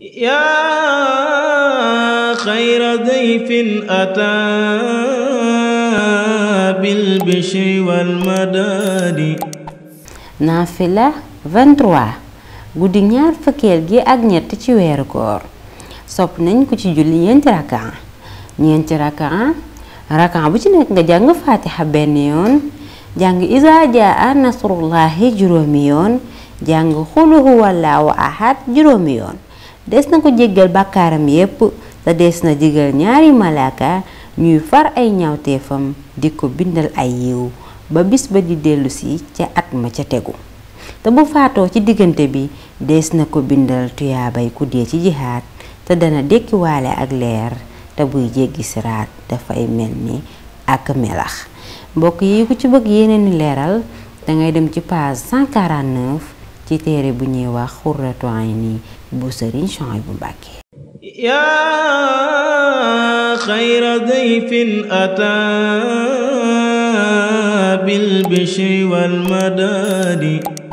yaa xayra dayfin ataa bil bishri wal madaadi naafila 23 guddi ñaar fëkkeel gi ak ñett ci weeru koor sopp nañ ko ci julli ñeenti rakaa ñeenti rakaa rakaa bu ci nekk nga jàng faatiha benn yoon jàng izaa jaa nasrullahi juróomi yoon jàng xul huwallaahu juróomi yoon des na ko jéggal bàkkaaram yépp te des na digal ñaari malaaka ñuy far ay ñawteefam di ko bindal ay yiw ba bis ba di dellusi ca at ma ca tegu te bu faatoo ci diggante bi des na ko bindal tuyaabay ku dee ci jihaat te dana dékkiwaale ak leer te buy jéggi siraat dafay mel ni ak melax mbokk yi ku ci bëgg yeneeni ni leeral dangay dem ci page 149 ci téere bu ñuy wax xurratu ayni bu sëriñ Suhaybu Mbàkke yaa xayra dayfin ataa bil